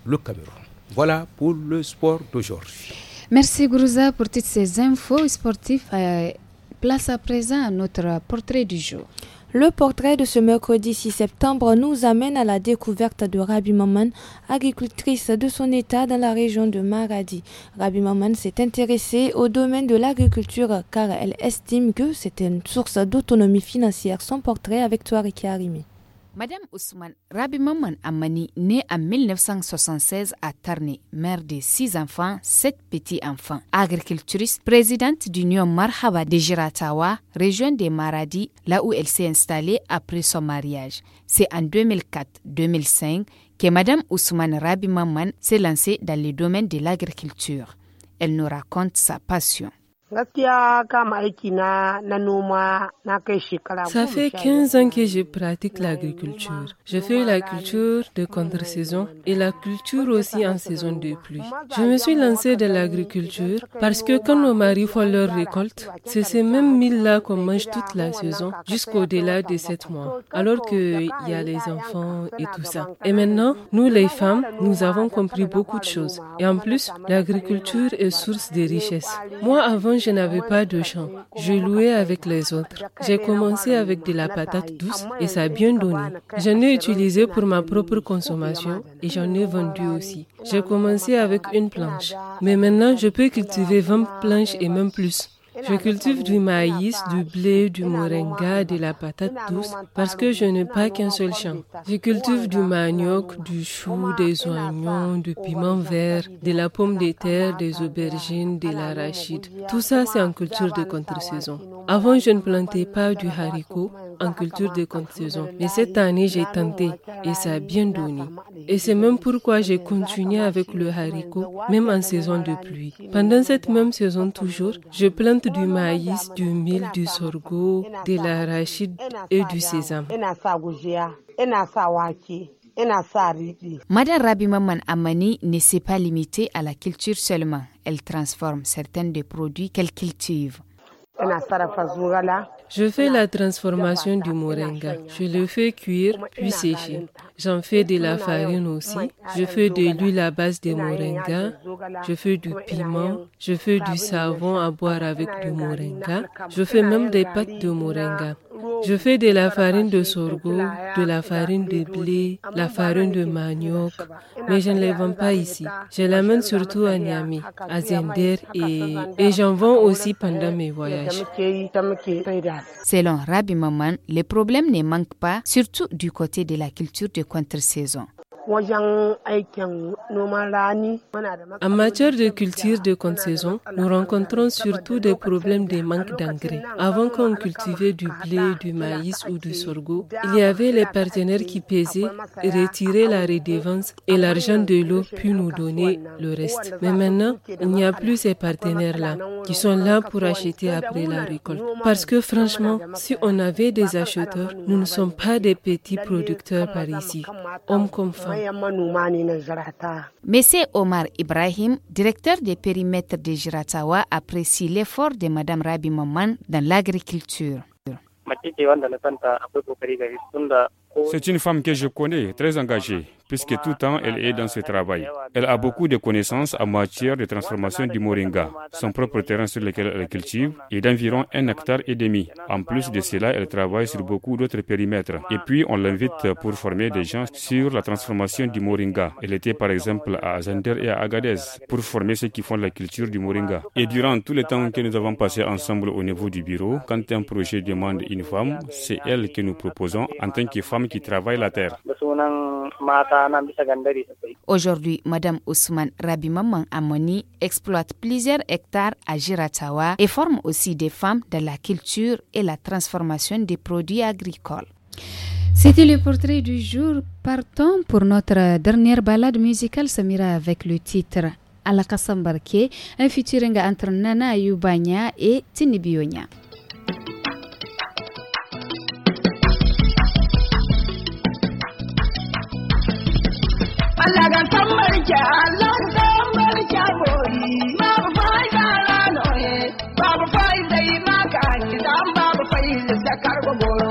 le Cameroun. Voilà pour le sport d'aujourd'hui. Merci Gourouza pour toutes ces infos sportives. Euh, place à présent à notre portrait du jour. Le portrait de ce mercredi 6 septembre nous amène à la découverte de Rabi Maman, agricultrice de son état dans la région de Maradi. Rabi Maman s'est intéressée au domaine de l'agriculture car elle estime que c'est une source d'autonomie financière. Son portrait avec Toariki Arimi. Madame Ousmane Rabi Maman Amani, née en 1976 à Tarné, mère de six enfants, sept petits-enfants, agriculturiste, présidente d'Union Marhaba de Giratawa, région des Maradi, là où elle s'est installée après son mariage. C'est en 2004-2005 que Madame Ousmane Rabi s'est lancée dans le domaine de l'agriculture. Elle nous raconte sa passion. Ça fait 15 ans que je pratique l'agriculture. Je fais la culture de contre-saison et la culture aussi en saison de pluie. Je me suis lancée dans l'agriculture parce que quand nos maris font leur récolte, c'est ces mêmes milles-là qu'on mange toute la saison jusqu'au-delà de 7 mois. Alors qu'il y a les enfants et tout ça. Et maintenant, nous les femmes, nous avons compris beaucoup de choses. Et en plus, l'agriculture est source de richesses. Moi, avant, je n'avais pas de champ. Je louais avec les autres. J'ai commencé avec de la patate douce et ça a bien donné. J'en ai utilisé pour ma propre consommation et j'en ai vendu aussi. J'ai commencé avec une planche. Mais maintenant, je peux cultiver 20 planches et même plus. Je cultive du maïs, du blé, du moringa, de la patate douce parce que je n'ai pas qu'un seul champ. Je cultive du manioc, du chou, des oignons, du piment vert, de la pomme de terre, des aubergines, de l'arachide. Tout ça, c'est en culture de contre-saison. Avant, je ne plantais pas du haricot en culture de contre-saison. Mais cette année, j'ai tenté et ça a bien donné. Et c'est même pourquoi j'ai continué avec le haricot, même en saison de pluie. Pendant cette même saison toujours, je plante du maïs, du mil, du sorgho, de l'arachide et du sésame. Madame Rabi Maman Amani ne s'est pas limitée à la culture seulement. Elle transforme certains des produits qu'elle cultive. Je fais la transformation du moringa. Je le fais cuire puis sécher. J'en fais de la farine aussi. Je fais de l'huile à base de moringa. Je fais du piment. Je fais du savon à boire avec du moringa. Je fais même des pâtes de moringa. Je fais de la farine de sorgho, de la farine de blé, la farine de manioc, mais je ne les vends pas ici. Je l'amène surtout à Niamey, à Zender et, et j'en vends aussi pendant mes voyages. Selon Rabbi Maman, les problèmes ne manquent pas, surtout du côté de la culture de contre-saison. En matière de culture de contre-saison, nous rencontrons surtout des problèmes de manque d'engrais. Avant qu'on cultivait du blé, du maïs ou du sorgho, il y avait les partenaires qui pesaient, retiraient la redevance et l'argent de l'eau pu nous donner le reste. Mais maintenant, il n'y a plus ces partenaires-là qui sont là pour acheter après la récolte. Parce que franchement, si on avait des acheteurs, nous ne sommes pas des petits producteurs par ici, hommes comme femmes. Monsieur Omar Ibrahim, directeur des périmètres de Jiratawa, apprécie l'effort de Madame Rabi Maman dans l'agriculture. C'est une femme que je connais, très engagée, puisque tout le temps elle est dans ce travail. Elle a beaucoup de connaissances en matière de transformation du moringa, son propre terrain sur lequel elle cultive est d'environ un hectare et demi. En plus de cela, elle travaille sur beaucoup d'autres périmètres. Et puis, on l'invite pour former des gens sur la transformation du moringa. Elle était par exemple à Zander et à Agadez pour former ceux qui font la culture du moringa. Et durant tout le temps que nous avons passé ensemble au niveau du bureau, quand un projet demande une femme, c'est elle que nous proposons en tant que femme qui travaillent la terre. Aujourd'hui, Madame Ousmane Rabi Amoni exploite plusieurs hectares à Giratawa et forme aussi des femmes dans la culture et la transformation des produits agricoles. C'était le portrait du jour. Partons pour notre dernière balade musicale, Samira, avec le titre Alakasambarke » un featuring entre Nana Ayubanya et Tinibionya. Malaga san barke Allah san barke boyi. Babu faida rano ye, eh. babu faida yi maka hanki, dan babu faida sakar gogoro.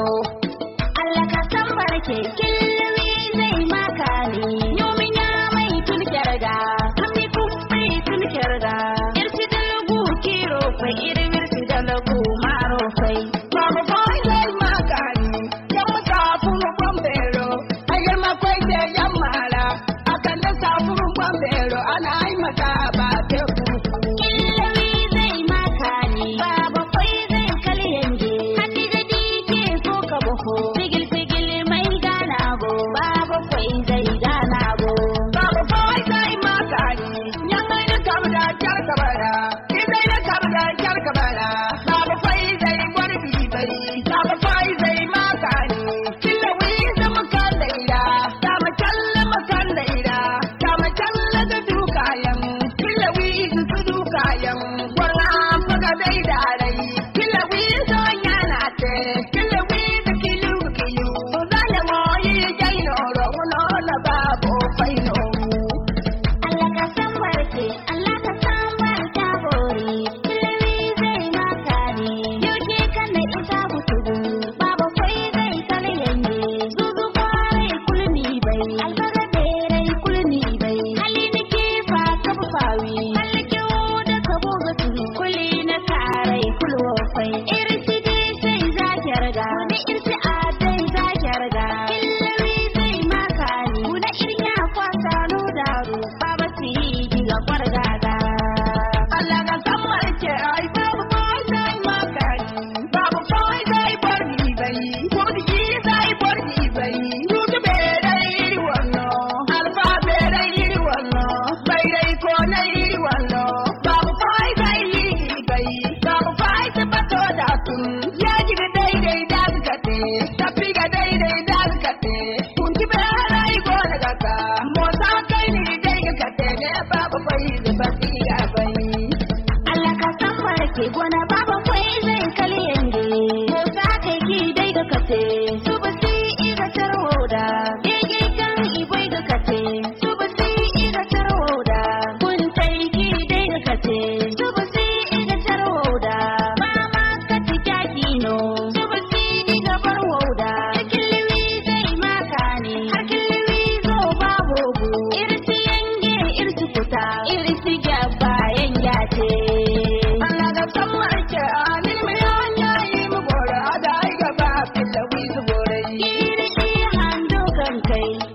say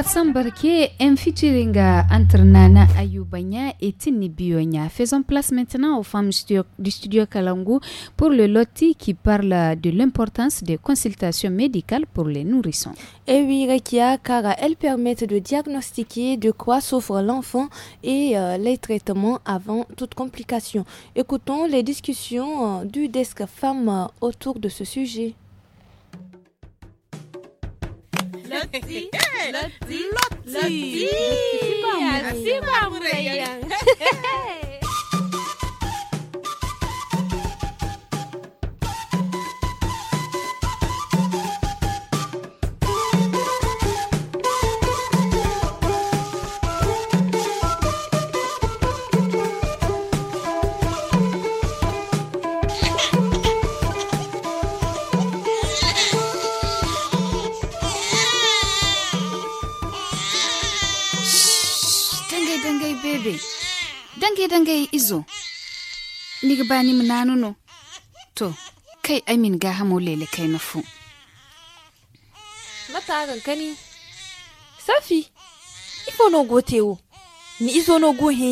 Euh, Faisons place maintenant aux femmes du studio Kalangu pour le loti qui parle de l'importance des consultations médicales pour les nourrissons. Et eh oui, Rekia, car elles permettent de diagnostiquer de quoi souffre l'enfant et euh, les traitements avant toute complication. Écoutons les discussions euh, du desk femmes autour de ce sujet. c'est c'est loti. c'est Loti. be dange dange izo ga bani mu nanuno to kai amin ga hamo lele kai na fu mata kani safi ifo no wo ni izo no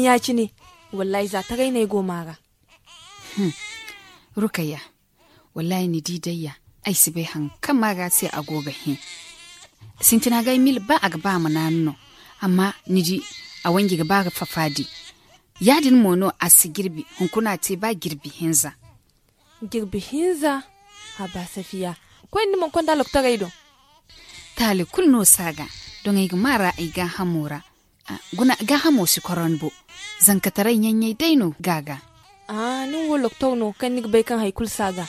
ya ci ne wallahi za ta raina gomara hmm. rukaya wallahi ni didayya ai si bai han kan ma ga sai agoga hin sintina ga mil ba a gaba mu nanuno amma ni ji a wangi ba fafadi yadin mono a su girbi hunkuna ce ba girbi hinza girbi hinza a ba safiya ko ni mon konda lokta gaido tali kunno saga don ai mara ai ga hamura guna ga hamo shi koron bo zankatarai yanyai daino gaga a nin wo lokta no kan ni bai kan haikul saga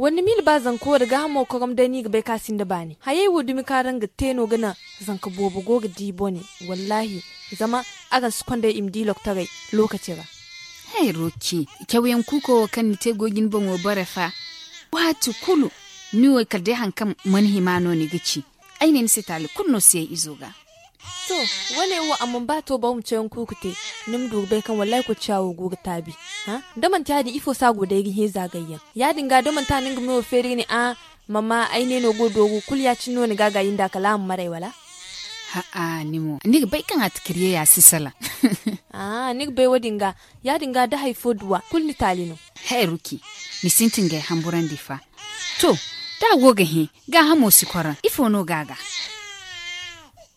wani mil ba kowa daga hamo kogam dani ga bai kasin da bani haye wudu dumi karan ga teno gana ka bobo go ga dibo ne wallahi zama aga skonda im di loktarai lokaci ba hey roki kyauyen kuko kan ni te gogin ban wo bare fa watu kulu ni wo kalde hankam man himano ni gici ainen sitali kunno sai izoga so wane wo amman ba to bawum ceyon kukute nim durbe kan wallahi ko chawo guga tabi ha daman ta di ifo sago da yin heza gayya ya dinga daman ta ninga mo feri ni a ah, mama ai ne no go kul ya cin ni gaga yin da kalam marai wala ha a nimo ni bai kan atkiriye ya sisala ah ni bai wadinga ya dinga da haifo duwa kul ni talino hey ruki ni sintin ga hamburan difa to da goge he ga hamo sikwaran ifo no gaga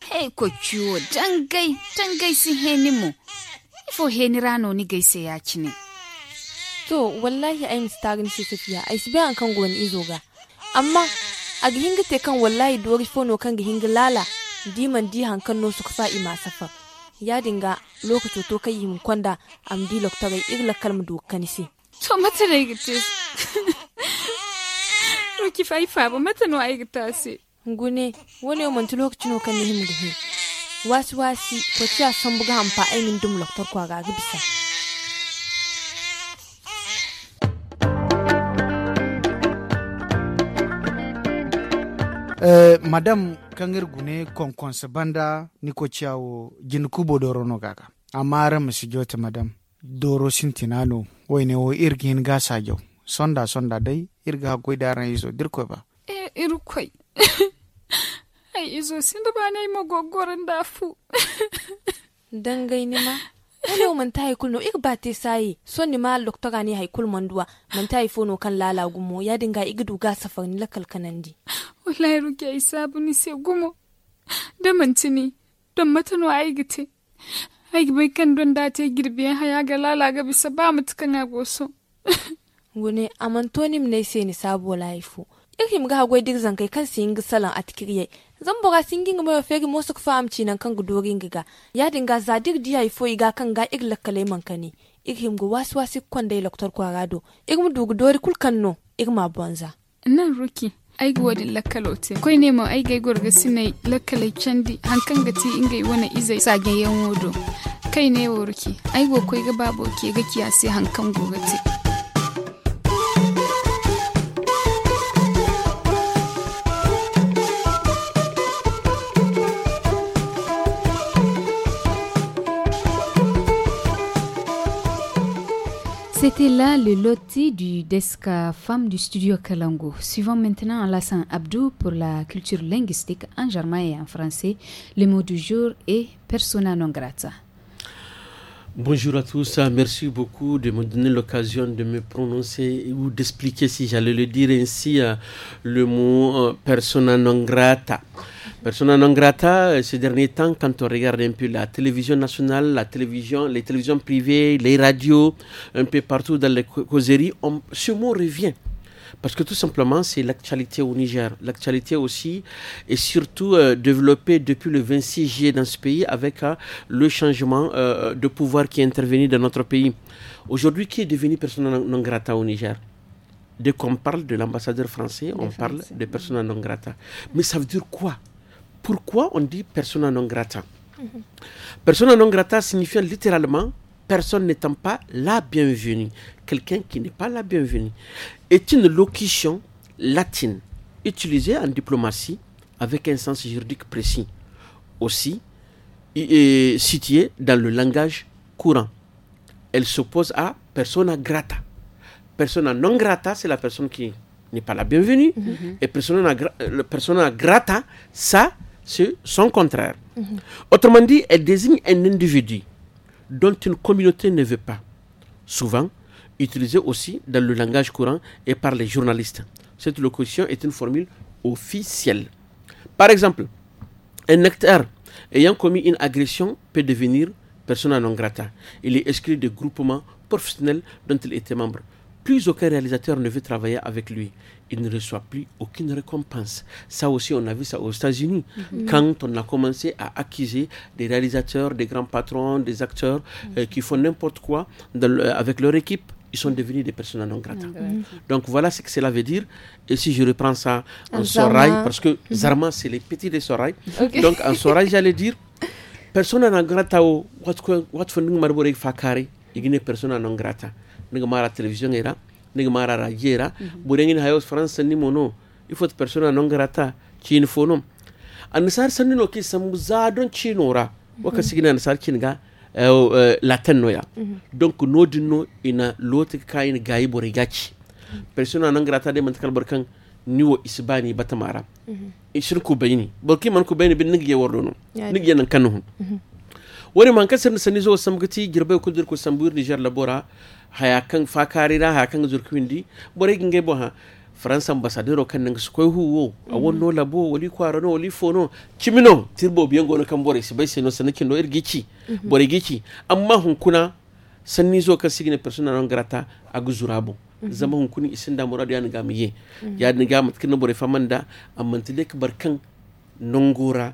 Hei ko ciwo dangai dangai sun heni mu. Ifo heni rano ni gaise ya ci ne. To wallahi ai gani sai tafiya ai bai bayan kan goni izo ga. Amma a gihin gite kan wallahi dori fono kan gihin lala diman di hankan no suka fa'i masafa. Ya dinga lokaci to kai yi kwanda am di loktarai irla kalmu dokani si. To mata da yi su. Roki fa'i fa ba mata no ai sai. gune wani man ti lokacin no kan da hin wasu wasi ko ci a san buga hamfa ainihin dum loktor kwa ga bisa Uh, eh, madam kangir gune su banda niko ciyawo jin kubo doro no gaga masu masijote madam doro sintinano ne wo irgin gasa jau sonda sonda dai irga hakoi daran iso dirko ba eh irkoi Ai izo da ba na yi magogoron dafu. Dangai ni ma. Wani man manta haikul no ik ba te sayi son ni ma loktora ne haikul manduwa manta ta haifo no kan lala gumo ya dinga igi duga safar ni lakal kanandi. Wallahi ruke sabu ni sai gumo. Da manci ne don matano aigite. Aiki bai kan don da ta girbiyan haya ga lala ga bisa ba mutukan agoso. Gune amantonim ne sai ni sabo laifu. irin ga hagoi dir zankai kan sin gisalan zan bora sin ging mo feri mo fa amci nan kan gudorin giga ya dinga zadir diya ifo iga kan ga ir lakkale man kani irin go wasu wasu kwandai loktor kwarado irmu dugu dori kan no irma bonza nan ruki aigi wadi lakkalote koy nemo aigai gorga sinai lakkalai candi hankan gati yi wani izai sagen yan wodo kai ne wo ruki aigo koy ga babo ke ga kiyasi hankan gogate C'était là le loti du desk Femme du studio Kalango. Suivons maintenant Alassane Abdou pour la culture linguistique en germain et en français. Le mot du jour est persona non grata. Bonjour à tous, ah, merci beaucoup de me donner l'occasion de me prononcer ou d'expliquer, si j'allais le dire ainsi, ah, le mot euh, persona non grata. Persona non grata, eh, ces derniers temps, quand on regarde un peu la télévision nationale, la télévision, les télévisions privées, les radios, un peu partout dans les causeries, ce mot revient. Parce que tout simplement, c'est l'actualité au Niger. L'actualité aussi est surtout euh, développée depuis le 26 juillet dans ce pays avec euh, le changement euh, de pouvoir qui est intervenu dans notre pays. Aujourd'hui, qui est devenu persona non grata au Niger Dès qu'on parle de l'ambassadeur français, on parle de persona non grata. Mais ça veut dire quoi pourquoi on dit persona non grata Persona non grata signifie littéralement personne n'étant pas la bienvenue. Quelqu'un qui n'est pas la bienvenue est une locution latine utilisée en diplomatie avec un sens juridique précis. Aussi, située dans le langage courant. Elle s'oppose à persona grata. Persona non grata, c'est la personne qui n'est pas la bienvenue. Mm-hmm. Et persona, euh, persona grata, ça, c'est son contraire. Autrement dit, elle désigne un individu dont une communauté ne veut pas. Souvent, utilisé aussi dans le langage courant et par les journalistes. Cette locution est une formule officielle. Par exemple, un acteur ayant commis une agression peut devenir persona non grata. Il est exclu des groupements professionnels dont il était membre. Plus aucun réalisateur ne veut travailler avec lui. Il ne reçoit plus aucune récompense. Ça aussi, on a vu ça aux États-Unis. Mhm. Quand on a commencé à accuser des réalisateurs, des grands patrons, des acteurs mhm. euh, qui font n'importe quoi euh, avec leur équipe, ils sont devenus des personnes non grata. Donc voilà ce que cela veut dire. Et si je reprends ça en Sorail, parce que mhm. Zarma, c'est les petits des Sorail. Donc en Sorail, j'allais dire, personne non grata, what, fakari, personne non grata niga mara television era niga mara radio era mm -hmm. burengin hayo france ni mono ifot persona non grata chin fonom anasar sanni no ki samu chinora waka mhm. sigina anasar kinga uh, uh, donc ina loti kayin gay borigaci mm persona non grata de mantakal barkan niwo isbani batamara mm -hmm. shirku bayni barki man ku bayni bin nigiye wardono nigiye nan kanuhu mm man kasar sani zo samgati girbai ko sambur niger labora hayakan kan na haya kan di bore gin bo ha faransa ambassadeur o kan su koy huwo a mm-hmm. wonno labo wali kwaro no wali fono kimino tirbo biyan gono kan bore sai sino sanakin do irgici er mm-hmm. bore gici amma hunkuna sanni zo kan sigine persona non grata a guzurabo mm-hmm. zama hunkuni isin da muradu ya niga mu ye ya niga mutkin bore famanda amma tilek barkan nongora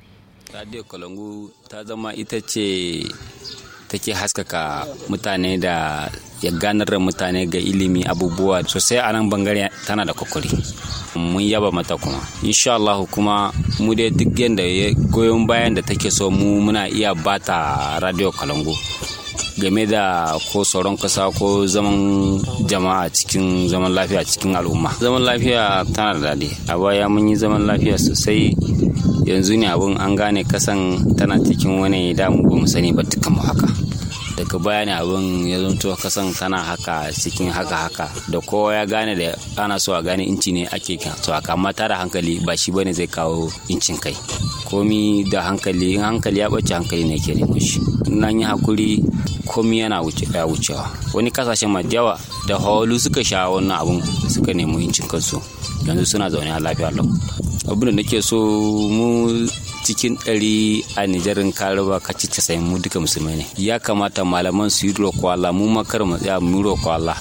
radio kalangu ta zama ita ce take haskaka mutane da ya ganar da mutane ga ilimi abubuwa sosai a nan bangare tana da kokari mun yaba mata kuma insha Allah kuma mu dai duk yadda ya goyon bayan da take so mu muna iya bata radio Kalangu game da ko sauran kasa ko zaman jama'a cikin zaman lafiya cikin al'umma zaman lafiya tana da daɗi a baya mun yi zaman lafiya sosai yanzu ne abun an gane kasan tana cikin wani damu ba mu sani ba dukkan mu haka daga baya ne abin ya zonto kasan tana haka cikin haka haka da kowa ya gane da ana so a gane inci ne ake so haka amma tara hankali ba shi bane zai kawo incin kai komi da hankali in hankali ya bace hankali ne ke neman shi nan yi hakuri komi yana wucewa wani kasashen ma yawa da hawalu suka sha wannan abun suka nemi incin kansu yanzu suna zaune a lafiya lau abin da nake so mu cikin ɗari a nijarin karuwa kaci casa'in mu duka musulmai ne ya kamata malaman su yi roƙo Allah mu makar mu tsaya mu roƙo Allah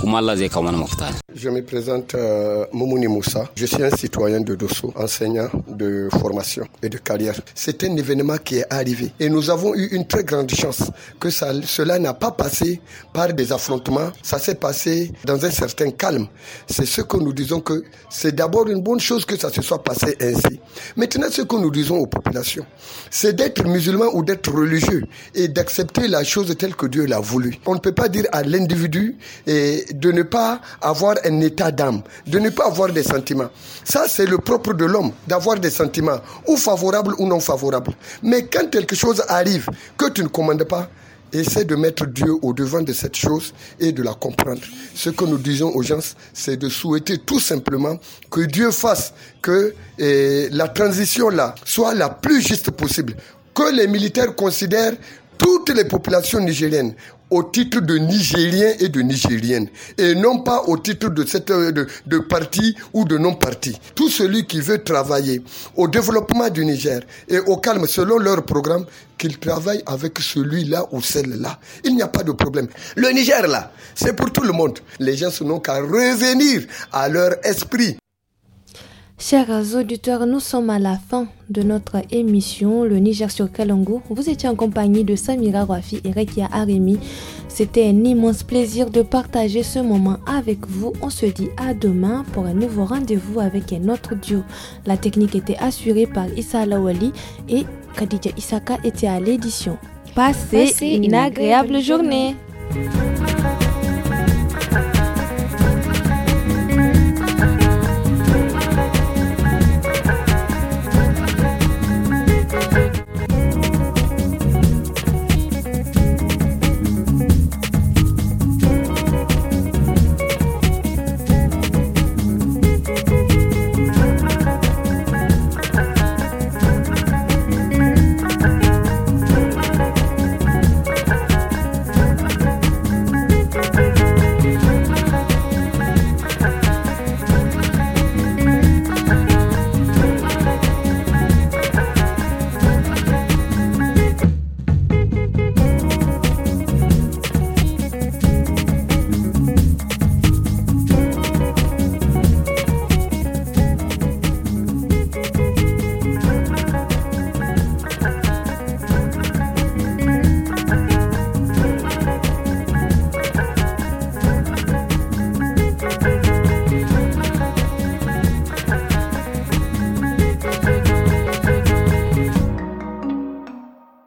kuma Allah zai kawo mana mafita Je me présente euh, Moussa. Je suis un citoyen de Dosso, enseignant de formation et de carrière. C'est un événement qui est arrivé et nous avons eu une très grande chance que ça, cela n'a pas passé par des affrontements. Ça s'est passé dans un certain calme. C'est ce que nous disons que c'est d'abord une bonne chose que ça se soit passé ainsi. Maintenant, ce que nous disons aux populations, c'est d'être musulman ou d'être religieux et d'accepter la chose telle que Dieu l'a voulu. On ne peut pas dire à l'individu de ne pas avoir état d'âme, de ne pas avoir des sentiments. Ça, c'est le propre de l'homme, d'avoir des sentiments, ou favorables ou non favorables. Mais quand quelque chose arrive que tu ne commandes pas, Essaie de mettre Dieu au devant de cette chose et de la comprendre. Ce que nous disons aux gens, c'est de souhaiter tout simplement que Dieu fasse que eh, la transition là soit la plus juste possible. Que les militaires considèrent toutes les populations nigériennes au titre de Nigérien et de Nigérienne, et non pas au titre de, cette, euh, de, de parti ou de non-parti. Tout celui qui veut travailler au développement du Niger et au calme selon leur programme, qu'il travaille avec celui-là ou celle-là. Il n'y a pas de problème. Le Niger, là, c'est pour tout le monde. Les gens sont donc qu'à revenir à leur esprit. Chers auditeurs, nous sommes à la fin de notre émission Le Niger sur Kalongo. Vous étiez en compagnie de Samira Rafi et Rekia Aremi. C'était un immense plaisir de partager ce moment avec vous. On se dit à demain pour un nouveau rendez-vous avec un autre duo. La technique était assurée par Issa Lawali et Khadija Isaka était à l'édition. Passez, une, agréable, journée.